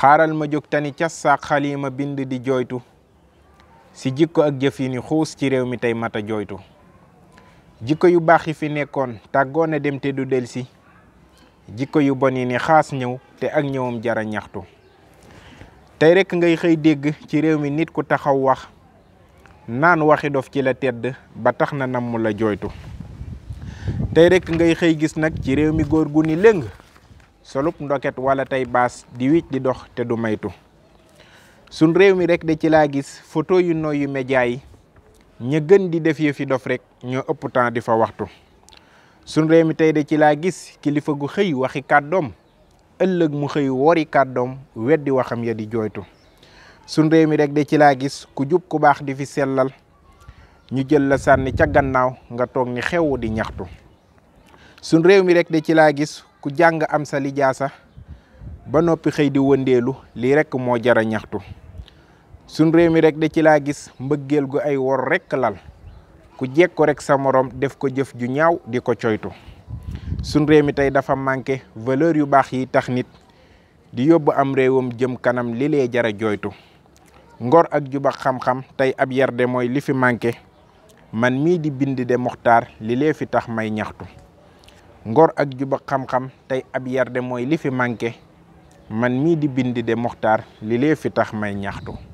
xaaral ma jóg tani ca saak xalima bind di jooytu ci jikko ak jëf yi ni xuus ci réew mi tey mata jooytu jikko yu baax yi fi nekkoon tàggoo dem te du delsi jikko yu bon yi ni xaas ñëw te ak ñëwam jara ñaxtu tey rekk ngay xëy dégg ci réew mi nit ku taxaw wax naan waxidof ci la tedd ba tax na namm la jooytu tey rek ngay xëy gis nag ci réew mi góor gu ni lëng solub ndoket wala tey baas di wic di dox te du maytu sun réew mi rek de ci laa gis photo yu nooyu média yi ña gën di def yëfi dof rek ñoo ëpp temps di fa waxtu sun réew mi tey de ci laa gis kilifa gu xëy waxi kàddoom ëllëg mu xëy wori kàddoom weddi waxam ya di jooytu sun réew mi rek de ci laa gis ku jub ku baax di fi sellal ñu jël la sànni ca gannaaw nga toog ni xewu di ñaxtu suñ réew mi rek de ci laa gis ku jàng am sa lijaasa ba noppi xëy di wëndeelu lii rekk moo jara ñaxtu suñ réew mi rek de ci laa gis mbëggeel gu ay wor rekk lal ku jekk ko rek sa morom def ko jëf ju ñaaw di ko coytu suñ réew mi tey dafa manqué valeur yu baax yi tax nit di yóbbu am réewam jëm kanam li lee jara jooytu ngor ak juba xam-xam tey ab yarde mooy li fi manqué man mii di bind de Mokhtar li lee fi tax may ñaxtu ngor ak juba xam-xam tey ab yarde mooy li fi manqué man mii di bind de Moxtaar li lee fi tax may ñaxtu